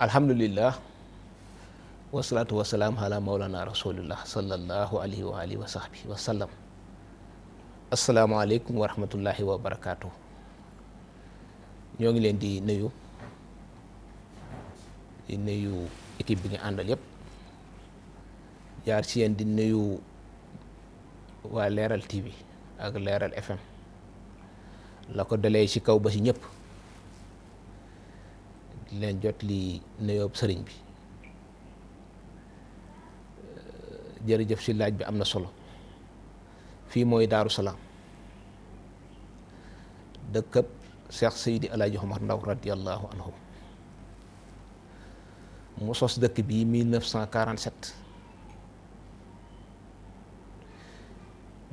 alhamdulillah wasalaatu wasalaam ala maulana rasulillah sallallahu alayhi wa alihi wa sahbi wa sallam asalaamaaleykum wa rahmatullahi wa barakaatu ñoo ngi leen di nuyu di nuyu équipe bi nga àndal yépp jaar ci yéen di nuyu waa leeral TV ak leeral FM la ko ci kaw ba ci ñëpp leen jot li nuyoob sëriñ bi jërëjëf si laaj bi am na solo fii mooy Daaru Salaam dëkkab Cheikh Seydi Alaaji Omar Ndaw radiallahu anhu mu sos dëkk bii 1947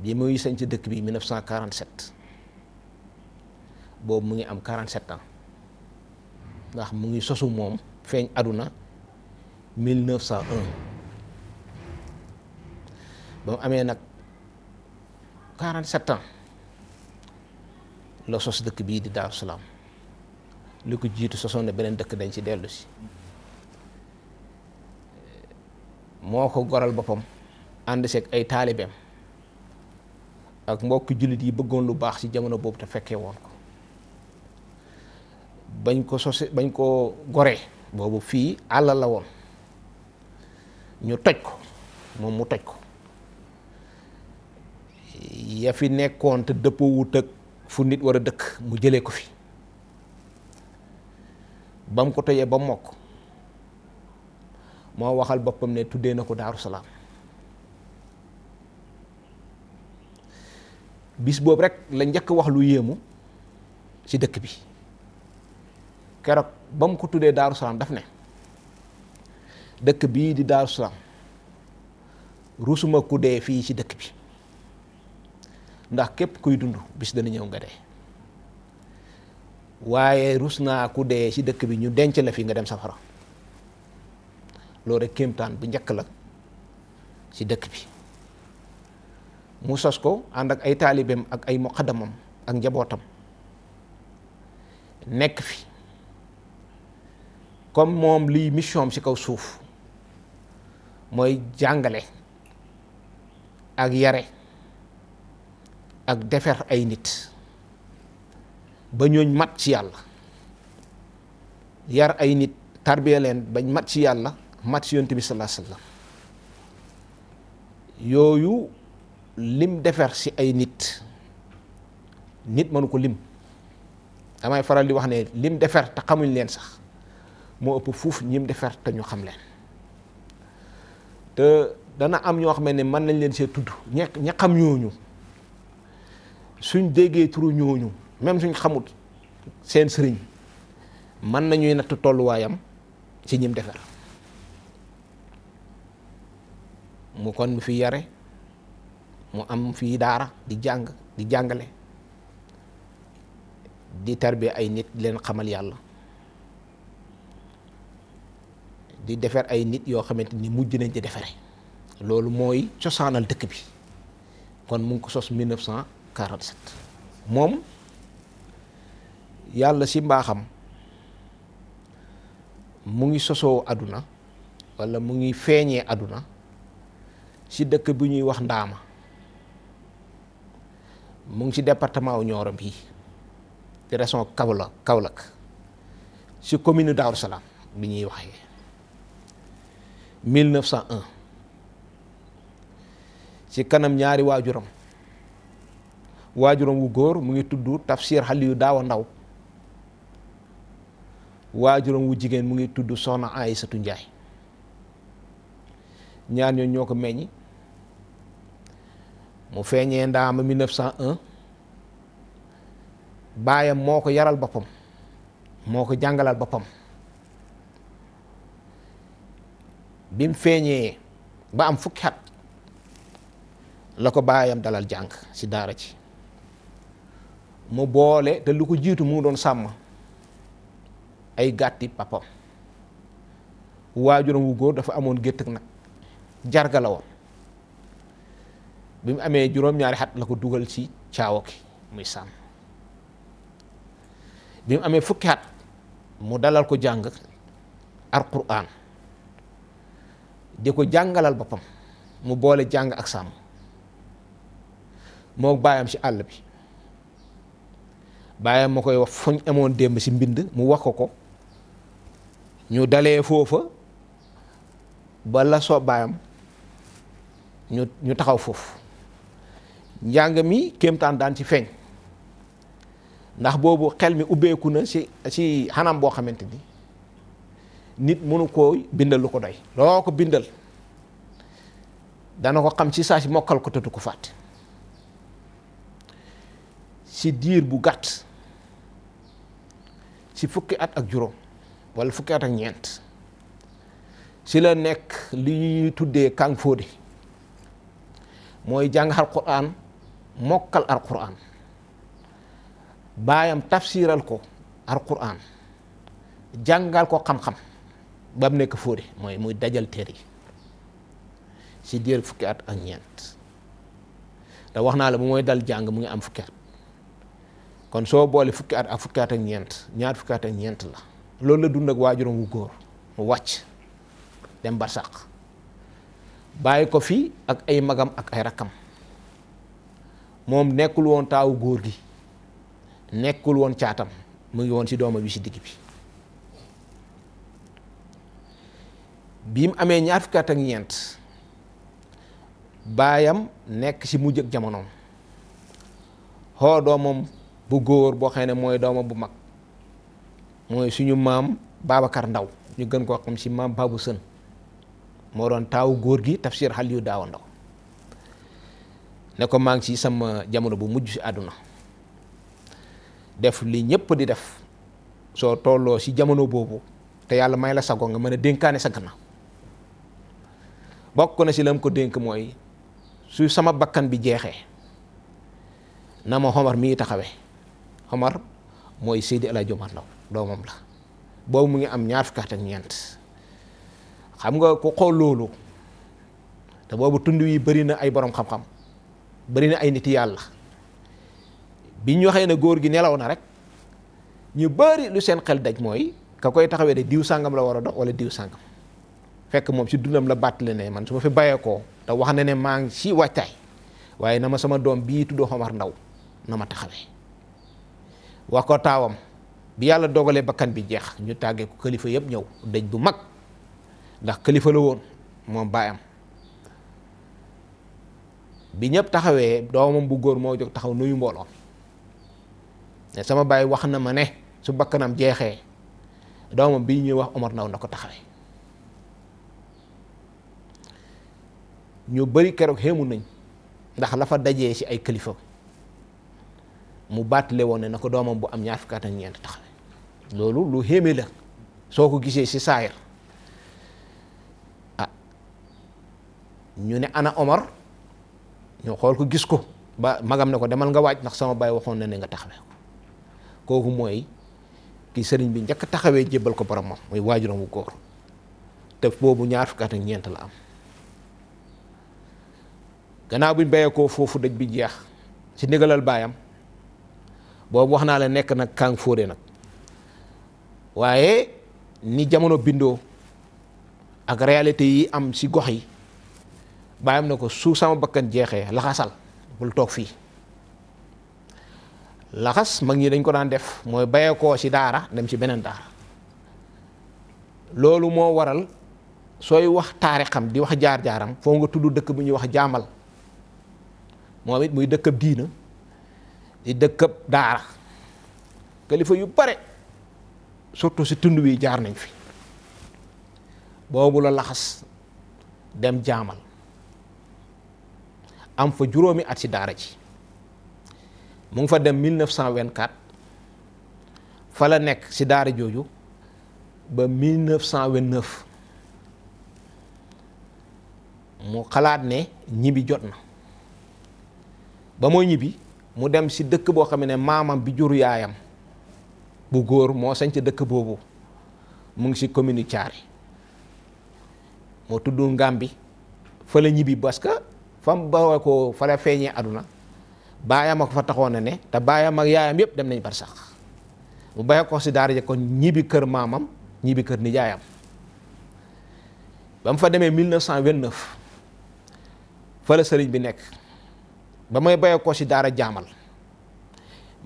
bi muy sañ ci dëkk bi 1947 boobu mu ngi am 47 ans ndax mu ngi sosu moom feeñ aduna 1901 ba mu amee nag 47 ans la sos dëkk bii di Daaru Salaam li ko jiitu sosoon na beneen dëkk dañ ci dellusi moo ko goral boppam ànd seeg ay taalibeem ak mbokki jullit yi bëggoon lu baax ci jamono boobu te fekkee woon bañ ko sose bañ ko goree boobu fii àll la woon ñu toj ko moom mu toj ko yafi nekkoon te dëppoo wut fu nit war a dëkk mu jëlee ko fi bam ko tojee ba mokk moo waxal boppam ne tuddee na ko Daaru Salaam bis boobu rekk la njëkk wax lu yéemu ci dëkk bi keroog ba mu ko tuddee Daaru Salaam daf ne dëkk bii di Daaru Salaam rusuma ku dee fii ci dëkk bi ndax képp kuy dund bis dana ñëw nga dee waaye rus naa ku dee ci dëkk bi ñu denc la fii nga dem safara loolu rek kéemtaan bu njëkk la ci dëkk bi mu sos ko ànd ak ay taalibeem ak ay muqaddamam ak njabootam nekk fi comme moom liy mission am ci kaw suuf mooy jàngale ak yare ak defer ay nit ba ñooñ mat ci yàlla yar ay nit tarbiya leen bañ mat ci yàlla mat ci yonent bi sallallahu alayhi yooyu lim defer ci ay nit nit mënu ko lim damay faral di wax ne lim defer te xamuñ leen sax moo ëpp fuuf ñim defar te ñu xam leen te dana am ñoo xam ne mën nañ leen see tudd ña ña xam ñooñu suñ déggee turu ñooñu même suñ xamut seen sëriñ mën nañuy natt tolluwaayam ci ñim defar mu kon mu fi yare mu am fii daara di jàng di jàngale di tarbi ay nit leen xamal yàlla di defar ay nit yoo xamante ni mujj nañ ci defaree loolu mooy cosaanal dëkk bi kon mu ngi ko sos 1947 moom yàlla si mbaaxam mu ngi sosoo àdduna walla mu ngi feeñee àdduna si dëkk bi ñuy wax Ndaama mu ngi si département wu Nioro bi ci région Kaolack Kaolack si commune Daaru bi ñuy waxee. 1901 ci kanam ñaari waajuram waajuram wu góor mu ngi tudd Tafsir Xaliyu Daawa Ndaw waajuram wu jigéen mu ngi tudd Soxna Aysatu Njaay ñaar ñooñu ñoo ko meññi mu feeñee ndaama 1901 baayam moo ko yaral boppam moo ko jàngalal boppam bi mu feeñee ba am fukki at la ko baayam dalal jàng ci daara ci mu boole te lu ko jiitu mu doon sàmm ay gàtti papam waajuram wu góor dafa amoon gétt ak nag jarga bi mu amee juróom-ñaari xat la ko dugal ci caawa ki muy sàmm bi mu amee fukki at mu dalal ko jàng al quraan di ko jàngalal boppam mu boole jàng ak sàmm moo baayam ci àll bi baayam ma koy wax fuñ amoon démb si mbind mu wax ko ko ñu dalee foofa ba la soo baayam ñu ñu taxaw foofu njàng mi kéemtaan daan ci feeñ ndax boobu xel mi ubbeeku na ci ci xanam boo xamante ni nit mënu koo bindal lu ko doy loo ko bindal dana ko xam ci saa si mokkal ko tëtu ko fàtte ci diir bu gàtt ci fukki at ak juróom wala fukki at ak ñeent ci la nekk li ñuy tuddee kàng fóode mooy jàng alquran mokkal alquran baayam tafsiral ko alquran jàngal ko xam-xam ba mu nekk fóode mooy muy dajal téere yi ci diir fukki at ak ñeent te wax naa la bu mooy dal jàng mu ngi am fukki at kon soo boole fukki at ak fukki at ak ñeent ñaar fukki at ak ñeent la loolu la dund ak waajuram wu góor mu wàcc dem barsàq bàyyi ko fii ak ay magam ak ay rakkam moom nekkul woon taawu góor gi nekkul woon caatam mu ngi woon ci dooma bi ci digg bi bii mu amee ñaar fukki ak ñeent baayam nekk ci mujj ak jamonoom xoo doomam bu góor boo xam ne mooy doomam bu mag mooy suñu maam baabakar Ndaw ñu gën koo xam ci maam Babou Sën moo doon taawu góor gi tafsir xal yu daaw ndaw ne ko maa ngi ci sama jamono bu mujj ci àdduna def li ñëpp di def soo tolloo ci jamono boobu te yàlla may la sago nga mën a dénkaane sa gannaaw bokk na ci lam ko dénk mooy su sama bakkan bi jeexee na ma xomar mii taxawee xomar mooy Seydi El Hadji Ndaw doomam la boobu mu ngi am ñaar fukki ñeent xam nga ku xool loolu te boobu tund wi bari na ay boroom xam-xam bëri na ay nit yàlla biñ waxee ne góor gi nelaw na rek ñu bëri lu seen xel daj mooy ka koy taxawee de diw sàngam la war a dox wala diw sàngam fekk moom si dundam la bàttali ne man su ma fi bàyyeekoo te wax na ne maa ngi ci wàccaay waaye na ma sama doom bii tuddoo Xamar Ndaw na ma taxawee wax ko taawam bi yàlla dogalee bakkan bi jeex ñu tàggee ko kalifa yëpp ñëw dëj bu mag ndax kalifa la woon moom baayam bi ñëpp taxawee doomam bu góor moo jóg taxaw nuyu mbooloo ne sama baay wax na ma ne su bakkanam jeexee doomam bi ñuy wax Omar Ndaw na ko taxawee ñu bari keroog xéemu nañ ndax la fa dajee ci ay kilifa mu baatle woon ne na ko doomam bu am ñaar fukki at ñeent taxawee loolu lu xéeme la soo ko gisee ci saayir ah ñu ne ana Omar ñu xool ko gis ko ba magam ne ko demal nga waaj ndax sama baay waxoon na ne nga taxawee kooku mooy ki sëriñ bi njëkk taxawee jébbal ko borom moom muy waajuram wu góor te boobu ñaar fukki at ñeent la am gannaaw buñ béyee koo foofu dëj bi jeex ci ndigalal baayam boobu wax naa la nekk nag kàng fóore nag waaye ni jamono bindoo ak réalité yi am ci gox yi baayam na ko su sama bakkan jeexee laxasal bul toog fii laxas mag ñi dañ ko daan def mooy bayee koo ci daara dem ci beneen daara loolu moo waral sooy wax taari xam di wax jaar-jaaram foo nga tudd dëkk bu ñuy wax jaamal moom it muy dëkkab diina di dëkkab daara kalifa yu bare surtout si tund wi jaar nañ fi boobu la laxas dem jaamal am fa juróomi at si daara ji mu ngi fa dem 1924 fa la nekk si daara jooju ba 1929 mu xalaat ne ñibbi jot na ba moo ñibbi mu dem si dëkk boo xam ne maamam bi jur yaayam bu góor moo sañ ci dëkk boobu mu ngi si commune Thiary moo tudd Ngambi fa la ñibbi parce que fam ba ko fa la feeñee aduna baayam ak fa taxoon na ne te baayam ak yaayam yëpp dem nañ bar sax mu bàyyi ko si daara ja kon ñibbi kër maamam ñibbi kër nijaayam ba mu fa demee 1929 fa la sëriñ bi nekk. ba may bayee ko si daara jaamal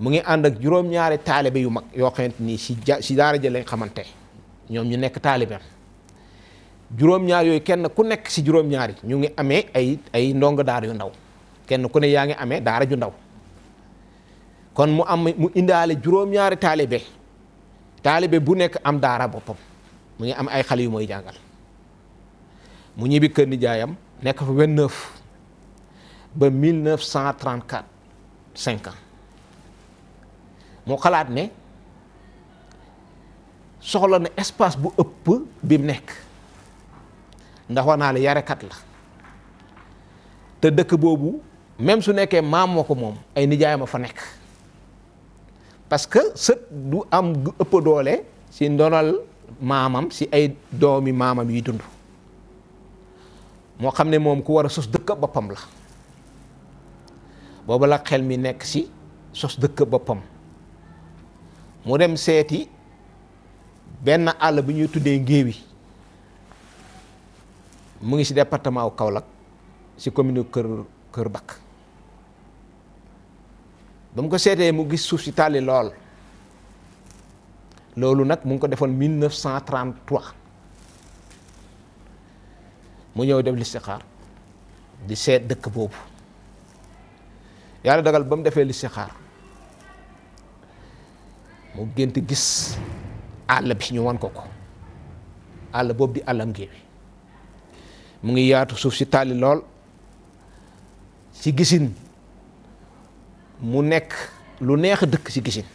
mu ngi ànd ak juróom-ñaari taalibe yu mag yoo xamante ni si si daara ja xamante ñoom ñu nekk taalibeem juróom-ñaar yooyu kenn ku nekk si juróom-ñaar ñu ngi amee ay ay ndongo daara yu ndaw kenn ku ne yaa ngi amee daara ju ndaw kon mu am mu indaale juróom-ñaari taalibe taalibe bu nekk am daara boppam mu ngi am ay xale yu mooy jàngal mu ñibbi kër nijaayam nekk fa 29. ba 1934 cinq ans mu xalaat ne soxla na espace bu ëpp bi mu nekk ndax wax naa yarekat la te dëkk boobu même su nekkee maam moo ko moom ay nijaayam a fa nekk parce que sët du am du ëpp doole si ndonal maamam si ay doomi maamam yuy dund moo xam ne moom ku war a sos dëkk boppam la booba la xel mi nekk si sos dëkk boppam mu dem seeti benn àll bi ñuy tuddee ngéewi mu ngi si departement wu Kaolack si commune Kër Kër Bakk ba mu ko seetee mu gis suuf si tàlli lool loolu nag mu ngi ko defoon 1933 mu ñëw def listixaar di seet dëkk boobu yàlla dagal ba mu defee xaar mu gént gis àll bi ñu wan ko ko àll boobu di àllam géewi mu ngi yaatu suuf si tàlli lool ci gisin mu nekk lu neex dëkk ci gisin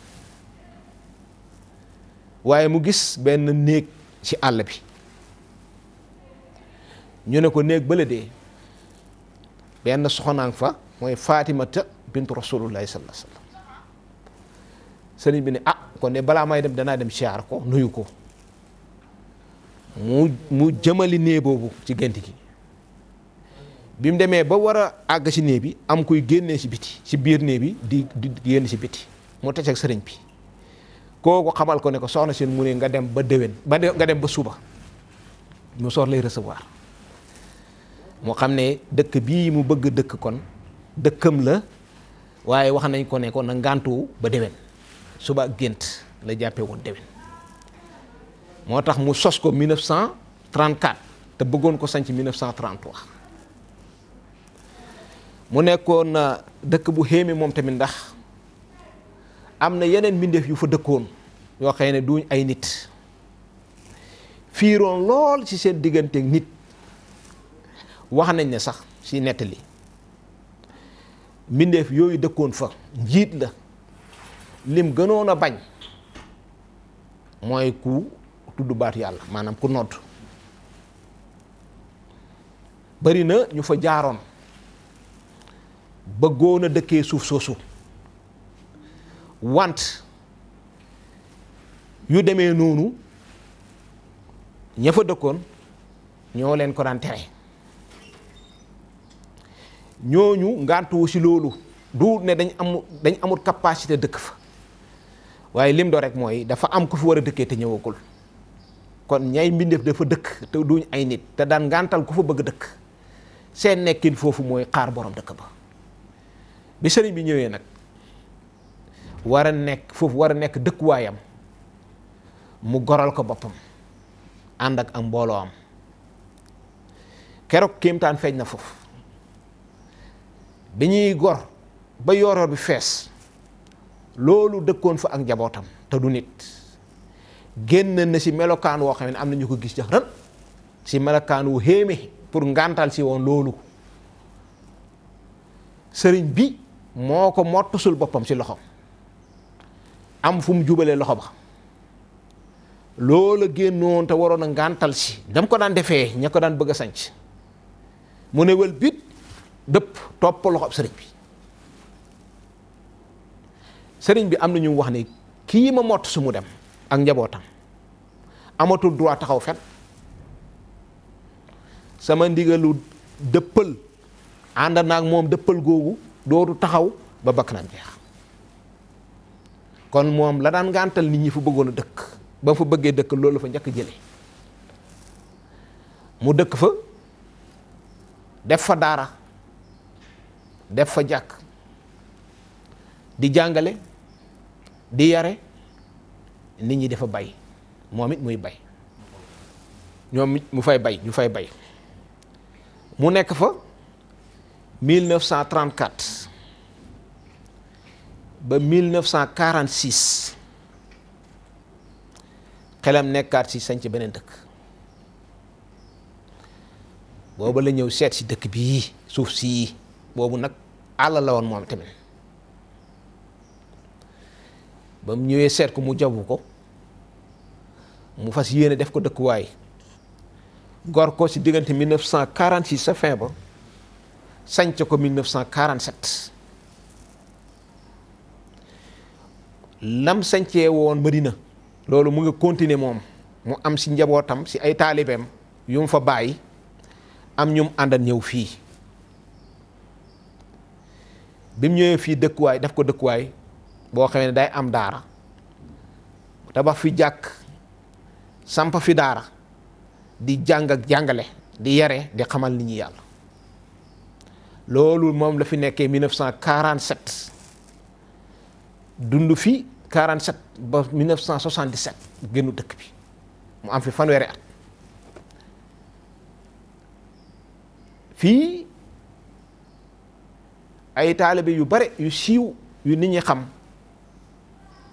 waaye mu gis benn néeg ci àll bi ñu ne ko néeg bële dee benn soxnaang fa mooy Faatimata bintu rasulullahi sallallahu alayhi wasallam sëriñ bi ne ah kon de balaa may dem danaa dem siyaar ko nuyu ko mu mu jëmali néeg boobu ci gént gi bi mu demee ba war a àgg si néeg bi am kuy génnee ci biti si biir néeg bi di di génn si biti mu tase sëriñ bi kooku xamal ko ne ko soxna seen mu ne nga dem ba déwén ba nga dem ba suba mu soor lay recevoir mu xam ne dëkk bii mu bëgg dëkk kon dëkkam la waaye wax nañ ko nekkoon na ngàntuwu ba déwén suba gént la jàppee woon déwén moo tax mu sos ko 1934 te bëggoon ko sanc 1933 mu nekkoon na dëkk bu xéeme moom tamit ndax am na yeneen mbindeef yu fa dëkkoon yoo xëy ne duñ ay nit fiiroon lool ci seen digganteeg nit wax nañ ne sax ci nettali mbindeef yooyu dëkkoon fa njiit la lim gënoon a bañ mooy ku tudd baatu yàlla maanaam ku nodd bari na ñu fa jaaroon bëggoon a dëkkee suuf soosu want yu demee noonu ña fa dëkkoon ñoo leen ko daan tere ñooñu ngantuwu si loolu du ne dañ am dañ amul capacité dëkk fa waaye lim do rek mooy dafa am ku fi war a dëkkee te ñëwagul kon ñay mbindeef dafa dëkk te duñ ay nit te daan ngantal ku fa bëgg dëkk seen nekkin foofu mooy xaar boroom dëkk ba bi sëriñ bi ñëwee nag war a nekk foofu war a nekk dëkkuwaayam mu goral ko boppam ànd ak am mbooloo am keroog kéemtaan feeñ na foofu bi ñuy gor ba yooroor bi fees loolu dëkkoon fa ak njabootam te du nit génn na si melokaan woo xam ne am na ñu ko gis jax ran si melokaan wu héeme pour ngàntal si woon loolu sëriñ bi moo ko mottusul boppam si loxo am fu mu jubalee loxo ba loola génnoon te waroon a ngàntal si dam ko daan defee ña ko daan bëgg a sanc mu ne wël bit dëpp topp loxo sëriñ bi sëriñ bi am na ñu wax ni kii ma mott su mu dem ak njabootam amatul droit taxaw fet sama ndigalu dëppal ànd naag moom dëppal googu dootu taxaw ba bakkanam jeex kon moom la daan gàntal nit ñi fu bëggoon a dëkk ba fa bëggee dëkk loolu fa njëkk jële mu dëkk fa def fa daara def fa jàkk di jàngale di yare nit ñi dafa bay moom it muy bay ñoom mu fay bay ñu fay bay mu nekk fa 1934 ba 1946 xelam nekkaat si sañc beneen dëkk booba la ñëw seet si dëkk bii suuf sii boobu nag àll la woon moom tamit ba mu ñëwee seet ko mu jabu ko mu fas yéene def ko dëkkuwaay gor ko ci diggante 1946 sa fin ba sanc ko 1947 lam sancee woon Madina loolu mu ngi continuer moom mu am si njabootam si ay taalibeem yu mu fa bàyyi am ñum àndal ñëw fii bi mu ñëwee fii dëkkuwaay daf ko dëkkuwaay boo xamee ne day am daara tabax fi jàkk samp fi daara di jàng jàngale di yare di xamal nit ñi yàlla loolu moom la fi nekkee 1947 dund fi 47 ba 1977 génnu dëkk bi mu am fi fanweeri at fii ay taalibe yu bare yu siiw yu nit ñi xam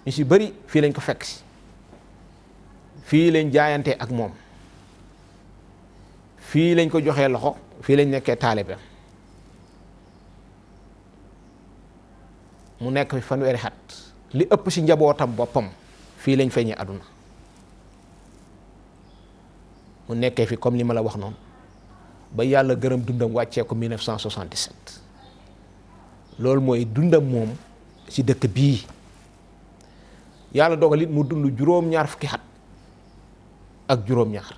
ñu si bari fii lañ ko fekk si fii lañ jaayante ak moom fii lañ ko joxee loxo fii lañ nekkee taalibe mu nekk fi fanweeri xat li ëpp si njabootam boppam fii lañ feeñee àdduna mu nekkee fi comme li ma la wax noonu ba yàlla gërëm dundam wàccee ko 1977 loolu mooy dundam moom ci dëkk bii yàlla dogal lit mu dund juróom-ñaar fukki at ak juróom-ñaar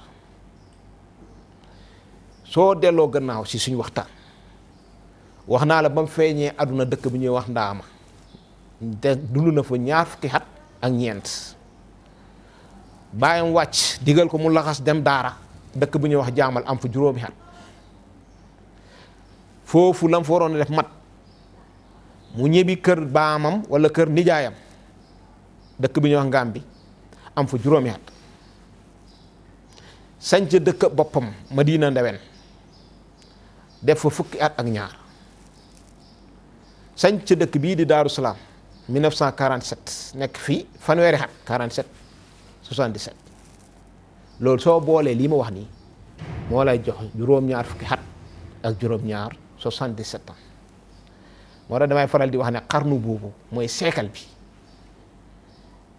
soo delloo gannaaw ci suñu waxtaan wax naa la ba mu feeñee àdduna dëkk bi ñuy wax ndaa te dund na fa ñaar fukki at ak ñeent bàyyam wàcc digal ko mu laxas dem daara dëkk bi ñuy wax jaamal am fa juróomi at foofu lam fa waroon a def mat mu ñëbi kër baamam wala kër nijaayam dëkk bi ñuy wax Ngàmbi am fa juróomi at sanc dëkk boppam ma Madina Ndewen def fa fukki at ak ñaar sanc dëkk bii di Daaru Salaam 1947 nekk fii fanweeri at loolu soo boolee lii ma wax nii moo lay jox juróom-ñaar fukki at ak juróom-ñaar moo tax damay faral di wax ne xarnu boobu mooy siècle bi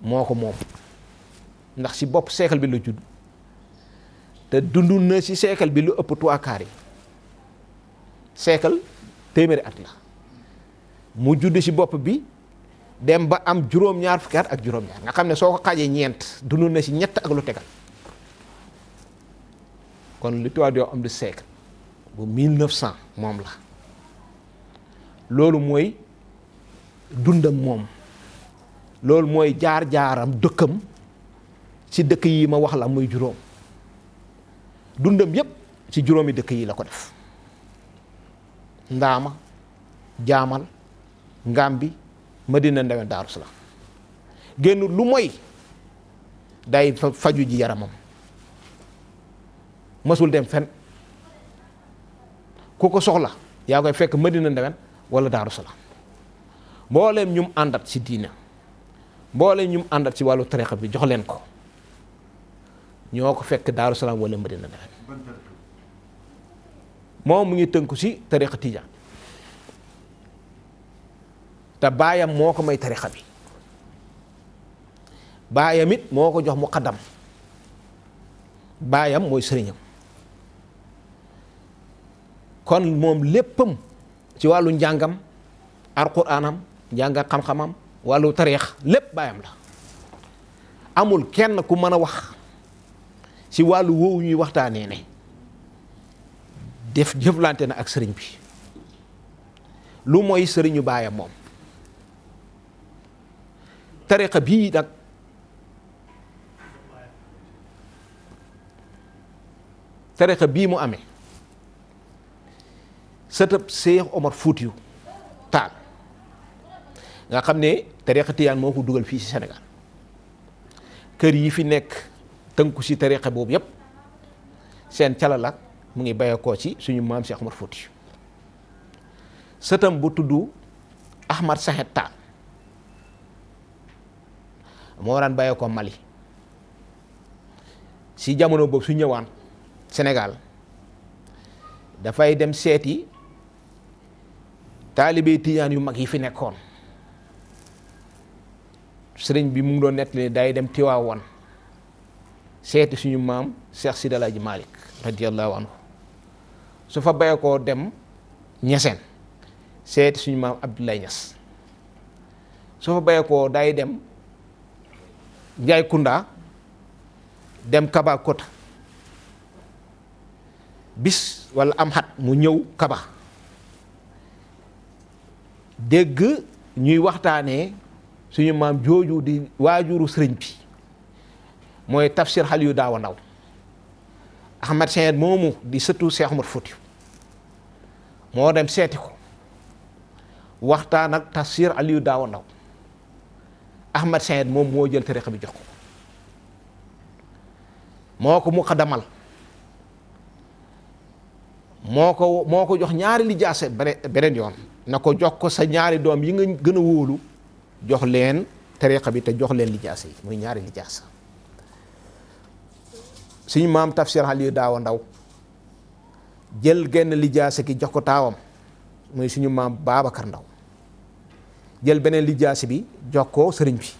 moo ko moom ndax si bopp siècle bi lu judd te dund na si seekal bi lu ëpp trois quarts yi siècle téeméeri at la mu judd si bopp bi dem ba am juróom-ñaar fukki at ak juróom-ñaar nga xam ne soo ko xaajee ñeent dund na si ñett ak lu tegal kon li tubaab di am de siècle bu mille neuf cent moom la loolu mooy dundam moom loolu mooy jaar-jaaram dëkkam ci dëkk yi ma wax la muy juróom dundam yépp ci juróomi dëkk yi la ko def ndaama jaamal ngambi madina ndewen daaru salaam lu mooy day faju ji yaramam masul dem fen ku ko soxla yaa koy fekk madina ndewen wala Daaru Salaam mbooleem ñum àndat ci diina mbooleem ñum àndat ci wàllu tariqa bi jox leen ko ñoo ko fekk Daaru Salaam wala Madina Ndefeen moom mu ngi tënku ci tariqa tijaan te baayam moo ko may tariqa bi baayam it moo ko jox mu muqaddam baayam mooy sëriñam kon moom léppam ci wàllu njàngam alquraanam njànga xam-xamam wàllu tariix lépp baayam la amul kenn ku mën a wax ci wàllu woowu ñuy waxtaanee ne def jëflante na ak sëriñ bi lu mooy sëriñu baayam moom tariixa bii nag tariixa bii mu amee sëtëb Cheikh Omar Foutiou Tall nga xam ne tariqa moo ko dugal fii ci Sénégal kër yi fi nekk tënku ci tariqa boobu yépp seen calala mu ngi bàyyeekoo ci suñu maam Cheikh Omar Foutiou sëtam bu tuddu Ahmad Sahet Tall moo daan bàyyeekoo Mali ci jamono boobu su ñëwaan Sénégal dafay dem seeti taalibe tijaan yu mag yi fi nekkoon sëriñ bi mu ngi doon nettali day dem Tiwaawoon seeti suñu maam Cheikh Sidi Alaaji Malick radiyallahu anhu su fa bayee dem ñeseen seeti suñu maam Abdoulaye Niass su fa bayee koo day dem Njaay Kunda dem Kaba Kota bis wala am xat mu ñëw Kaba dégg ñuy waxtaanee suñu maam jooju di waajuru sëriñ bi mooy tafsir xal yu daaw a ndaw Ahmed Seen moomu di sëtu Cheikh Omar Fouti moo dem seeti ko waxtaan ak yu daaw a Ndaw Ahmed Seen moom moo jël tariqa bi jox ko moo ko muqaddamal moo ko moo ko jox ñaari lijaase beneen yoon na ko jox ko sa ñaari doom yi nga gën a wóolu jox leen tariqa bi te jox leen lijaasa yi muy ñaari lijaasa suñu maam tafsir Aliou daaw ndaw jël genn lijaasa gi jox ko taawam muy suñu maam Babacar Ndaw jël beneen lijaasa bi jox ko sëriñ bi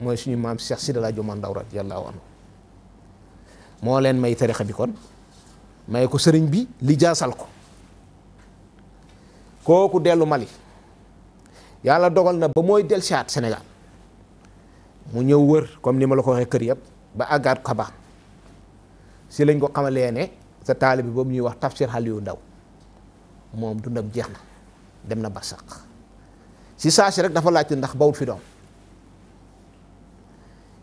mooy suñu maam Cheikh Sidi Ladjo Ndaw radiyallahu anhu moo leen may tariqa bi kon may ko sëriñ bi lijaasal ko kooku dellu Mali yàlla dogal na ba mooy del siaat Sénégal mu ñëw wër comme ni ma la ko waxee kër yëpp ba àggaat Kaba si lañ ko xamalee ne sa taalibe bi boobu ñuy wax tafsir xal yu ndaw moom dundam jeex dem na barsaq si saa si rek dafa laajte ndax bawut fi doom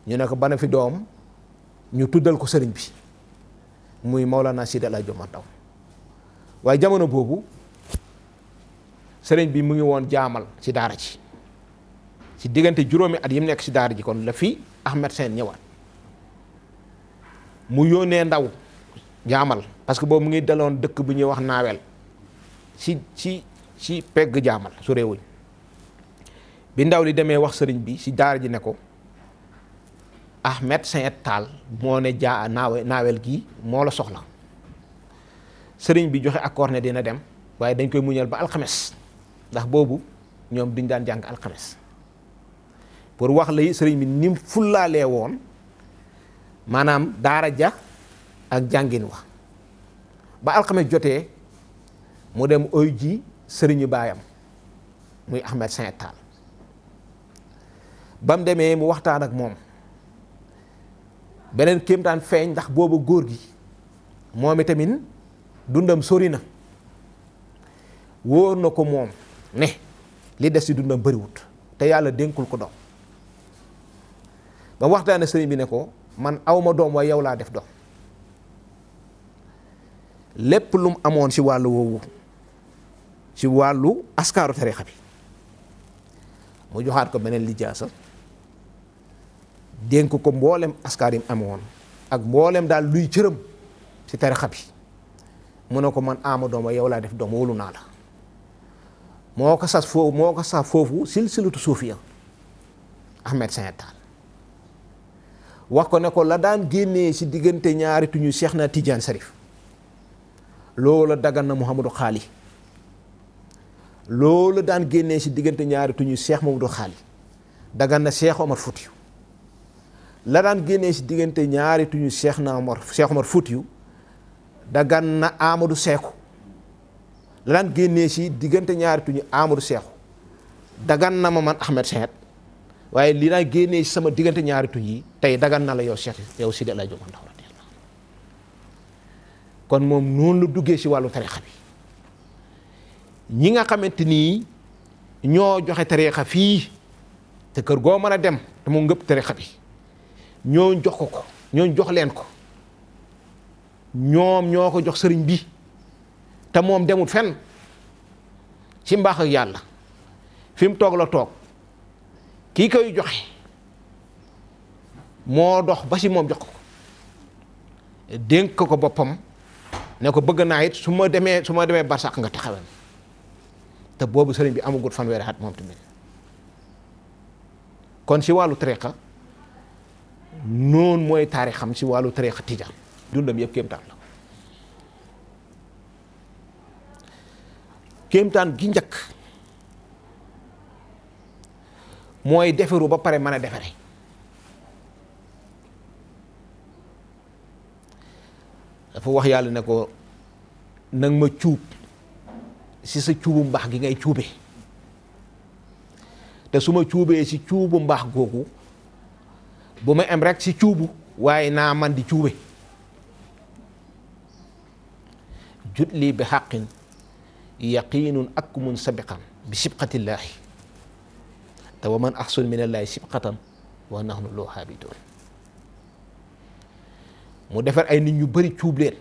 ñu ne ko bana fi doom ñu tuddal ko sëriñ bi muy Maolana Sidi El Hadj Omar Ndao waaye jamono boobu sëriñ bi mu ngi woon jaamal ci daara ci ci diggante juróomi at yi mu nekk ci daara ji kon la fi Ahmed Sène ñëwaat mu yónnee ndaw jaamal parce que boobu mu ngi daloon dëkk bu ñuy wax naawel ci ci ci pegg jaamal su réewuñ bi ndaw li demee wax sëriñ bi ci daara ji ne ko Ahmed Sène Tall moo ne jaa naawe naawel gi moo la soxla sëriñ bi joxe accord ne dina dem waaye dañ koy muñal ba alxemes ndax boobu ñoom duñ daan jàng alxames pour wax la sëriñ bi nim fullaalee woon maanaam daara ja ak jàngin wa ba alxames jotee mu dem oy ji sëriñu baayam muy Ahmed Saint Tall ba demee mu waxtaan ak moom beneen kéemtaan feeñ ndax boobu góor gi moom itamit dundam sori na wóor na ko moom ne li des ci dundam bëriwut te yàlla dénkul ko doom ba waxtaane sëriñ bi ne ko man awma doom waaye yow laa def doom lépp lum amoon ci wàll woowu ci wàllu askaaru tarixa bi mu joxaat ko beneen lijaasa dénk ko mboolem askaar yi mu ak mboolem daal luy cëram ci tarixa bi mu ne ko man ama doom waaye yow laa def doom wóolu naa la moo ko sas foofu moo ko sas foofu silsilatu suufiya Ahmed Saint Tall wax ko ne ko la daan génnee ci diggante ñaari tuñu Cheikh na Tidiane Sarif loola dagan na Mouhamadou Xaali loola daan génnee ci diggante ñaari tuñu Cheikh Mamadou Xaali dagan na Cheikh Omar Foutiou la daan génnee ci diggante ñaari tuñu Cheikh na Omar Cheikh Omar Foutiou dagan na Amadou Seeku la daan génnee si diggante ñaari tuñu Amadou Cheikhou dagan na ma man Ahmed Seet waaye li daan génnee si sama diggante ñaari tuñ yi tey dagan na la yow Cheikh yow Sidi El Hadj Omar Ndao kon moom noonu la duggee si wàllu tariixa bi ñi nga xamante nii ñoo joxe tariixa fii te kër goo mën a dem te mu ngëpp tariixa bi ñoo jox ko ko ñoo jox leen ko ñoom ñoo ko jox sëriñ bi. te moom demul fenn ci mbaax ak yàlla fi mu toog la toog kii koy joxe moo dox ba si moom jox ko dénk ko ko boppam ne ko bëgg naa it su ma demee su ma demee barsax nga taxawal te boobu sëriñ bi amagut fanweeri at moom tamit kon si wàllu tariqa noonu mooy taarixam si wàllu tariqa tijaan dundam yëpp kéemtaan la kéemtaan gi njëkk mooy defaru ba pare mën a defere dafa wax yàlla ne ko nag ma cuub ci sa cuubu mbaax gi ngay cuubee te su ma cuubee si cuubu mbaax googu bu ma em rekk ci cuubu waaye naa man di cuube julli bi xàqin yaqiinun akmun sabiqan bi sibqatillaahi te wa man axsun min allaahi sibqatan wa nahnu loo xaabitoon mu defar ay nit ñu bari cuub leen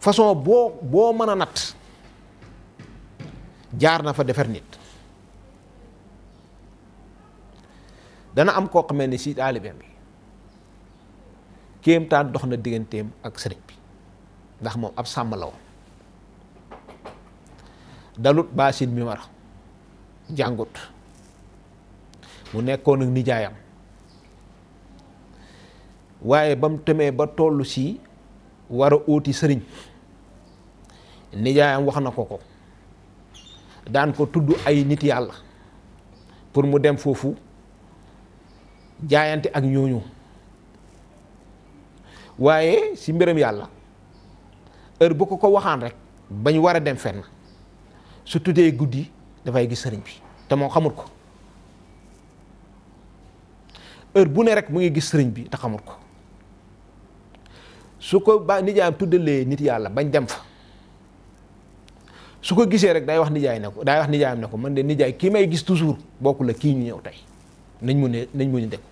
façon boo boo mën a natt jaar na fa defar nit dana am koo xamee ni si taalibeem bi kéemtaan dox na digganteem ak sëriñ bi ndax moom ab sàmm la woon dalut baasin mi war jàngut mu nekkoon ak nijaayam waaye ba mu temee ba tollu si war a óoti sëriñ nijaayam wax na ko ko daan ko tudd ay nit yàlla pour mu dem foofu jaayante ak ñooñu waaye si mbiram yàlla heure bu ko ko waxaan rek bañ war a dem fenn su tuddee guddi dafay gis sëriñ bi te moom xamul ko heure bu ne rek mu ngi gis sëriñ bi te xamul ko su ko ba nijaayam tuddalee nit yàlla bañ dem fa su ko gisee rek day wax nijaay ne ko day wax nijaayam ne ko mën de nijaay kii may gis toujours bokku la kii ñu ñëw tey nañ mu ne nañ mu ñu dégg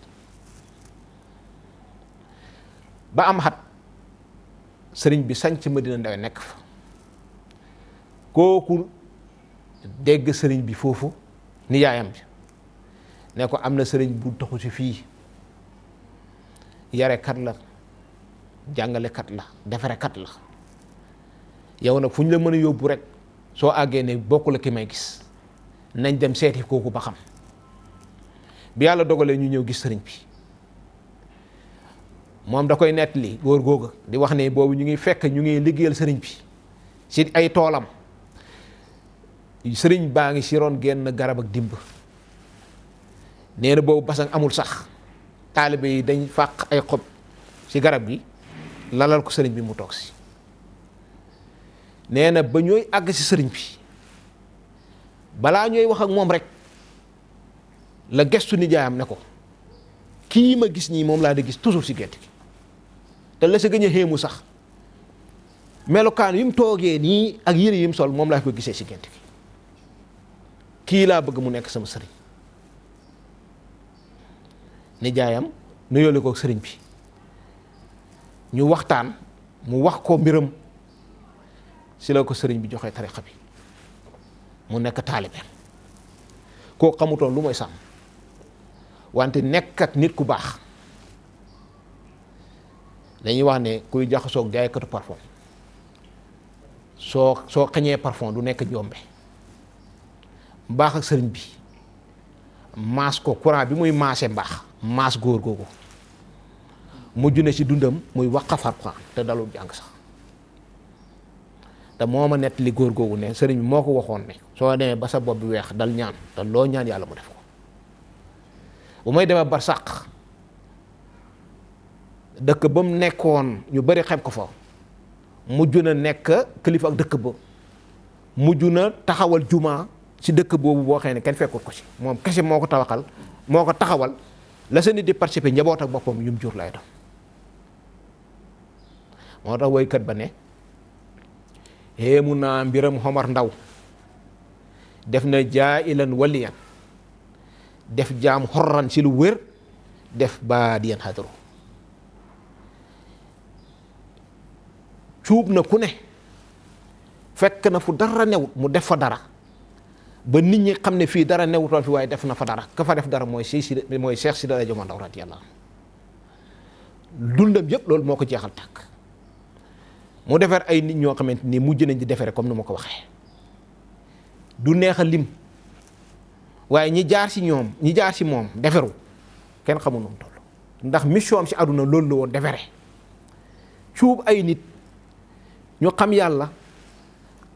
ba am xat sëriñ bi ma dina Ndawe nekk fa kooku dégg sëriñ bi foofu nijaayam bi ne ko am na sëriñ bu taxu si fii yarekat la jàngalekat la defarekat la yow nag fu ñu la mën a yóbbu rek soo àggee ne bokku la ki may gis nañ dem seeti kooku ba xam bi yàlla dogalee ñu ñëw gis sëriñ bi moom da koy nettali góor googa di wax ne boobu ñu ngi fekk ñu ngi liggéeyal sëriñ bi si ay toolam sëriñ baa ngi si ron génn garab ak dimb nee boobu basang amul sax taalibe yi dañ fàq ay xob ci garab gi lalal ko sëriñ bi mu toog si nee na ba ñooy àgg si sëriñ bi balaa ñooy wax ak moom rek la gestu nijaayam ne ko kii ma gis nii moom laa di gis toujours si gétt gi te la sa gën xéemu sax melokaan yi mu toogee nii ak yére yi sol moom laa ko gisee si gént gi kii laa bëgg mu nekk sama sëriñ nijaayam nu yoole ko sëriñ bi ñu waxtaan mu wax ko mbiram si la ko sëriñ bi joxee tariqa bi mu nekk taalibeem koo xamutoon lu mooy sàmm wante nekk ak nit ku baax dañuy wax ne kuy jaxasoo jaaykatu parfum soo soo xañee parfum du nekk jombe mbaax ak sëriñ bi maas ko courant bi muy maase mbaax maas góor googu mujj na si dundam muy waqafar Alxuraan te dalul jàng sax te moo ma nett li góor googu ne sëriñ bi moo ko waxoon ne soo demee ba sa bopp bi weex dal ñaan te loo ñaan yàlla mu def ko bu may demee barsàq dëkk ba mu nekkoon ñu bari xeeb ko fa mujj na nekk kilifa ak dëkk ba mujj na taxawal juma ci dëkk boobu boo xëy ne kenn fekkut ko si moom kese moo ko tawaxal moo ko taxawal la sa nit di participer njaboot ak boppam ñu mu jur lay doon moo tax woykat ba ne xéemu naa mbiram xomar ndaw def na jaa'ilan waliyan def jaam xorran ci lu wér def baadiyan xadaru cuub na ku ne fekk na fu dara newut mu def fa dara ba nit ñi xam ne fii dara newutoon fi waaye def na fa dara ka fa def dara mooy si si mooy Cheikh Sidi Ladji Omar Ndao radiyallahu dundam yëpp loolu moo ko jeexal tàkk mu defar ay nit ñoo xamante ni mujj nañ di defere comme ni ma ko waxee du neex a lim waaye ñi jaar si ñoom ñi jaar si moom deferu kenn xamul noonu toll ndax mission am si àdduna loolu la woon defere cuub ay nit. ñu xam yàlla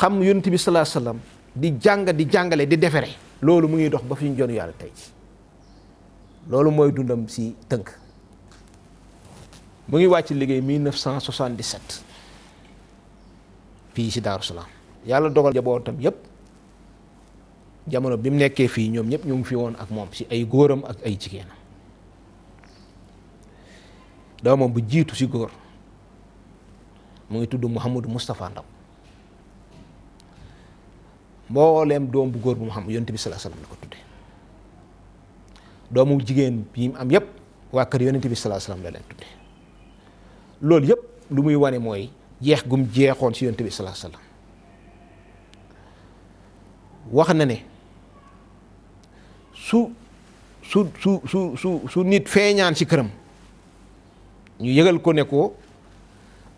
xam yonent bi salaa salaam di jàng di jàngale di defere loolu mu ngi dox ba fi ñu jonu yàlla tey loolu mooy dundam si tënk mu ngi wàcc liggéey 1977 fii si Daaru Salaam yàlla dogal jabootam yépp jamono bi mu nekkee fii ñoom ñëpp ñu ngi fi woon ak moom si ay góoram ak ay jigéenam dama bu jiitu si góor mu ngi tudd Mouhamadou Moustapha Ndaw mbooleem doom bu góor bu mu xam yonent bi sallallahu la ko tudde doomu jigéen yi mu am yëpp waa kër yonent bi sallallahu alayhi wasallam la leen tudde loolu yëpp lu muy wane mooy jeex gum jeexoon ci yonent bi sallallahu alayhi wax na ne su su su su su su nit feeñaan ci këram ñu yëgal ko ne ko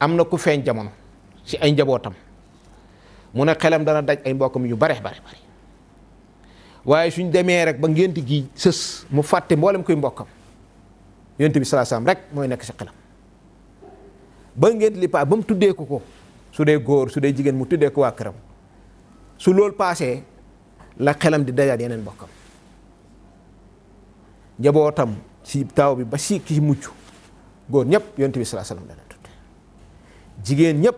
am na ku feeñ jamono ci ay njabootam mu ne xelam dana daj ay mbokkam yu bare bare bare waaye suñ demee rek ba ngénte gi sës mu fàtte mboolem kuy mbokkam yonent bi sallallahu rek mooy nekk ci xelam ba ngént li paas ba mu tuddee ko ko su dee góor su dee jigéen mu tuddee ko waa këram su loolu paasee la xelam di dajaat yeneen mbokkam njabootam si taw bi ba si ki mucc góor ñëpp yoon bi sallallahu alayhi jigéen ñëpp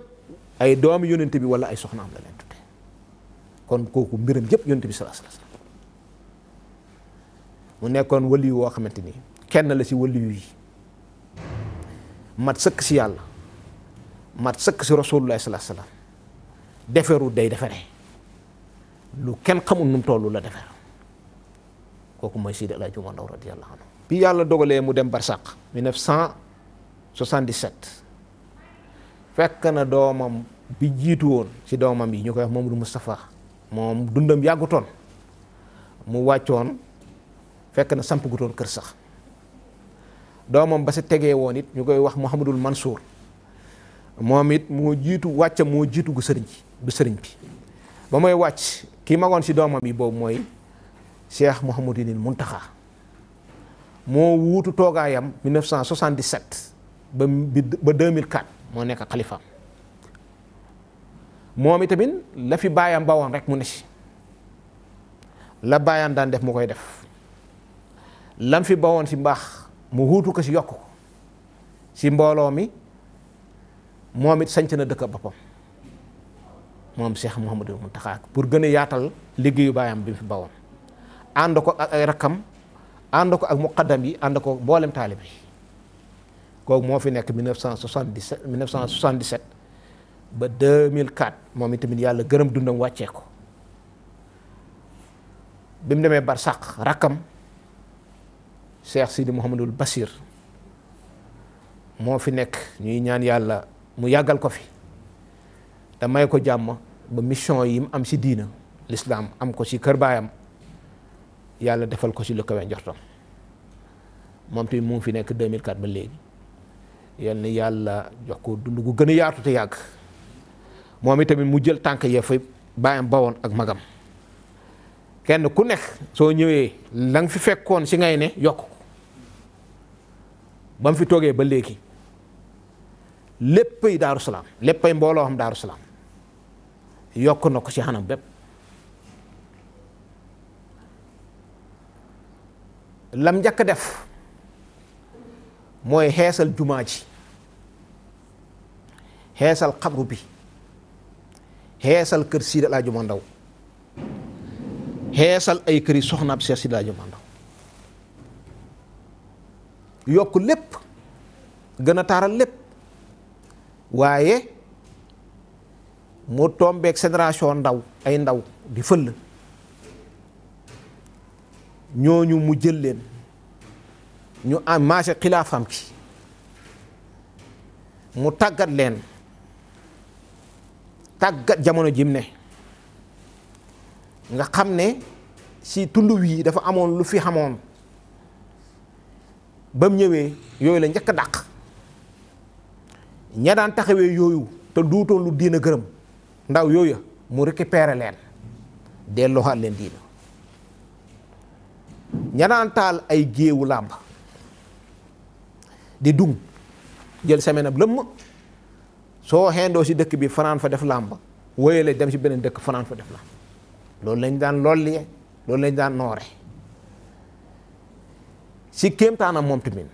ay doomi yonent bi wala ay soxnaam la leen tudde kon kooku mbiram yëpp yonent bi sallallahu alayhi wasallam mu nekkoon waliyu woo xamante ni kenn la ci waliyu yi mat sëkk ci yàlla mat sëkk ci rasulullah sallallahu alayhi wasallam deferu day defere lu kenn xamul nu mu toll la defer kooku mooy Seydi El Hadji Oumar Ndaw radiyallahu anhu bi yàlla dogalee mu dem barsàq 1977 fekk na doomam bi jiitu woon ci doomam yi ñu koy wax Mamadou Moustapha moom dundam yàggutoon mu wàccoon fekk na samp gutoon kër sax doomam ba si tegee woon it ñu koy wax Mouhamadul Mansour moom it moo jiitu wàcca moo jiitu gu sëriñ bi sëriñ bi ba mooy wàcc kii magoon si doomam yi boobu mooy Cheikh Mouhamadinil Muntaxa moo wuutu toogaayam 1977 ba ba 2004 moo nekk xalifaam moom itamit la fi baayam ba woon rek mu ne si la baayam daan def mu koy def lam fi bawoon si mbaax mu wuutu ko si yokk ko si mbooloo mi moom it sanc na dëkk boppam moom seex mu Cheikh mu taxaak pour gën a yaatal liggéeyu baayam bi mu fi bawoon ànd ko ak ay rakkam ànd ko ak muqaddam yi ànd ko mboolem taalib kooku moo fi nekk 1977 1977 ba 2004 moom tamit yàlla gërëm dundam wàccee ko bi mu demee barsàq rakkam Cheikh Sidi Mouhamadul Basir moo fi nekk ñuy ñaan yàlla mu yàggal ko fi te may ko jàmm ba mission yi mu am si diina l'islam am ko si kër baayam yàlla defal ko si lu kawe njortam moom tamit mu fi nekk 2004 ba léegi yal na yàlla jox dund gu gën a yaatu te yàgg moom itamit mu jël tànk ya fa bàyyam bawoon ak magam kenn ku nekk soo ñëwee la nga fi fekkoon si ngay ne yokk ko ba mu fi toogee ba léegi léppay daaru salaam léppay mbooloo xam daaru salaam yokk na ko si xanam bépp lam njëkk def mooy xeesal jumaa ji xeesal xabru bi xeesal kër Sidi El Hadj xeesal ay kër yi soxnaab si Sidi El yokk lépp gën a taaral lépp waaye mu tombeek génération ndaw ay ndaw di fël ñooñu mu jël leen ñu am maase xilaafaam ki mu tàggat leen tàggat jamono jim ne nga xam ne si tund wii dafa amoon lu fi xamoon bam ñëwee yooyu la njëkk a dàq ña daan taxawee yooyu te duutoon lu diina gërëm ndaw yooyu mu récupéré leen dellooxaat leen diina ña daan taal ay géewu làmb di dung jël semaine ab lëmm soo xeendoo si dëkk bi fanaan fa def làmb wóyale dem si beneen dëkk fanaan fa def làmb loolu lañ daan lollee loolu lañ daan noore si kéemtaanam moom tamit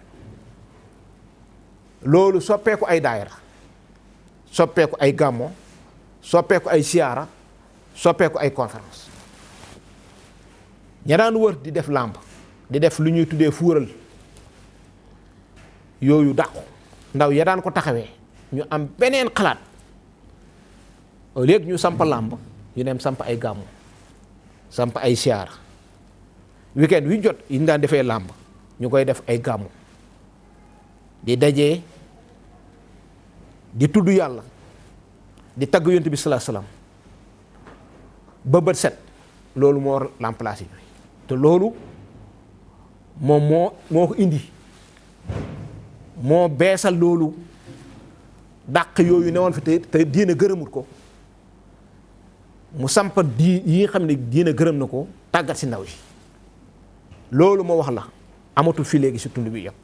loolu soppeeku ay daayira soppeeku ay gàmmo soppeeku ay siyaara soppeeku ay conférence ña daan wër di def làmb di def lu ñuy tuddee fuural yooyu dàqu ndaw ya daan ko taxawee ñu am beneen xalaat léegi ñu samp làmb ñu dem samp ay gàmmu samp ay siyaar weekend wi jot yi ñu daan defee làmb ñu koy def ay gàmmu di dajee di tudd yàlla di tagg yonent bi salaa salaam ba set loolu moo remplacé bi te loolu moom moo moo ko indi moo beesal loolu dàq yooyu newoon fi te te diine gërëmul ko mu samp di yi xam ne diine gërëm na ko tàggat si ndaw yi loolu moo wax la amatul fi léegi si tund bi yëpp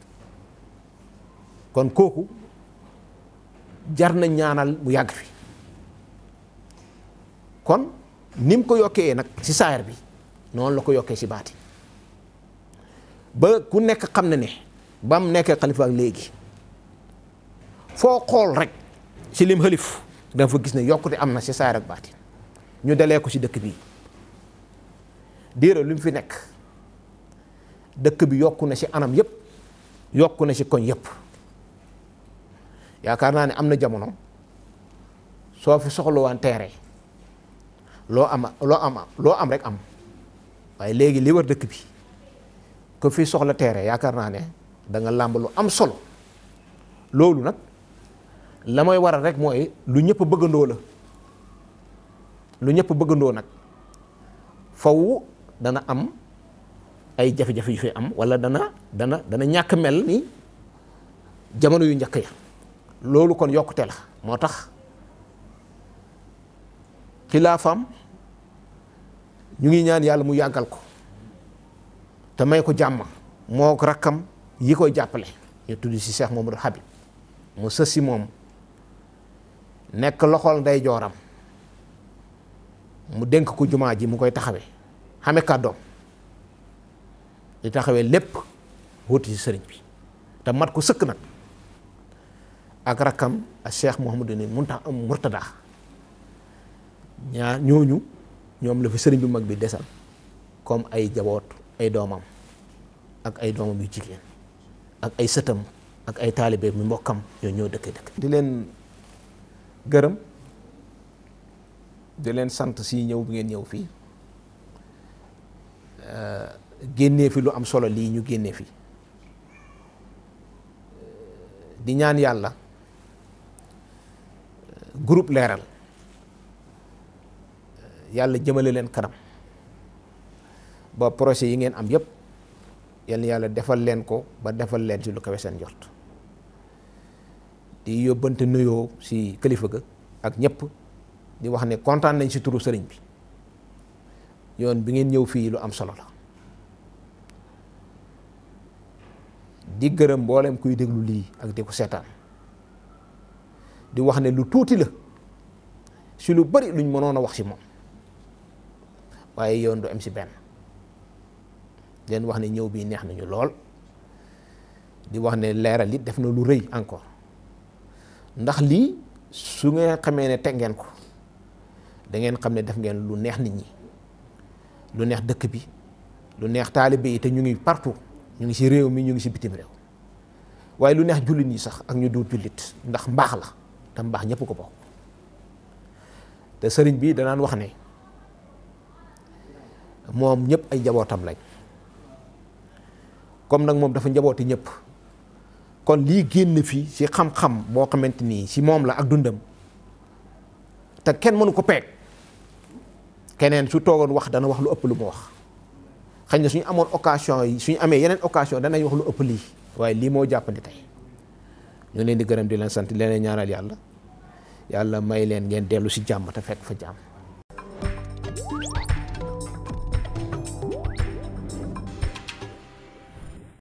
kon kooku jar na ñaanal mu yàgg fi kon ni mu ko yokkee nag si saayar bi noonu la ko yokkee si baati ba ku nekk xam na ne ba mu nekkee xalifa ak léegi foo xool rek si lim xalif da fa gis ne yokkute am na si saar ak baatin ñu dalee ko ci dëkk bi diira lu mu fi nekk dëkk bi yokku na ci anam yëpp yokku na ci koñ yëpp yaakaar naa ne am na jamono soo fi soxlawaan teere loo am loo am loo am rek am waaye léegi li war dëkk bi ko fi soxla teere yaakaar naa ne danga làmb lu am solo loolu nag la mooy waral rek mooy lu ñëpp bëggandoo la lu ñëpp bëggandoo nag faw dana am ay jafe-jafe yu fi am wala dana dana dana ñàkk mel ni jamono yu njëkk ya loolu kon yokkute la moo tax xilaafam ñu ngi ñaan yàlla mu yàggal ko te may ko jàmm moo rakkam yi koy jàppale ñu tudd ci Cheikh Mamadou Habib mu sës si moom nekk loxol nday jooram mu denk ko jumaa ji mu koy taxawee xame kàddoom di taxawee lépp wuti ci sëriñ bi te mat ko sëkk nag ak rakkam ak cheikh Mouhamadou ni mun tax am murtada ñaar ñooñu ñoom la fi sëriñ bi mag bi desal comme ay jaboot ay doomam ak ay doomam yu jigéen ak ay sëtam ak ay taalibe mi mbokkam ñoo ñoo dëkk dëkk di leen gërëm di leen sant si ñëw bu ngeen ñëw fii euh, génnee fi lu am solo lii ñu génnee fi euh, di ñaan yàlla euh, groupe leeral yàlla jëmale leen kanam ba projet yi ngeen am yëpp yal yàlla defal leen ko ba defal leen ci lu kawe seen jot di yóbbante nuyoo si kilifa ga ak ñépp di wax ne kontaan nañ si turu sëriñ bi yoon bi ngeen ñëw fii lu am solo la di gërëm mbooleem kuy déglu lii ak di seetaan di wax ne lu tuuti la si lu bari luñ mënoon a wax si moom waaye yoon du am si benn leen wax ne ñëw bii neex nañu lool di wax ne leeral it def na lu rëy encore ndax lii su ngeen xamee ne teg ngeen ko da ngeen xam ne def ngeen lu neex nit ñi lu neex dëkk bi lu neex taalibe yi te ñu ngi partout ñu ngi si réew mi ñu ngi ci bitim réew waaye lu neex jullit ñi sax ak ñu duut jullit ndax mbaax la te mbaax ñëpp ko bokk te sëriñ bi danaan wax ne moom ñëpp ay njabootam lañ comme nag moom dafa njabooti ñëpp. kon lii génn fii si xam-xam boo xamante ni si moom la ak dundam te kenn mënu ko peeg keneen su toogoon wax dana wax lu ëpp lu mu wax xëy na suñu amoon occasion yi suñu amee yeneen occasion danañ wax lu ëpp lii waaye lii moo jàppandi tey ñu leen di gërëm di leen sant leneen ñaaral yàlla yàlla may leen ngeen dellu si jàmm te fekk fa jàmm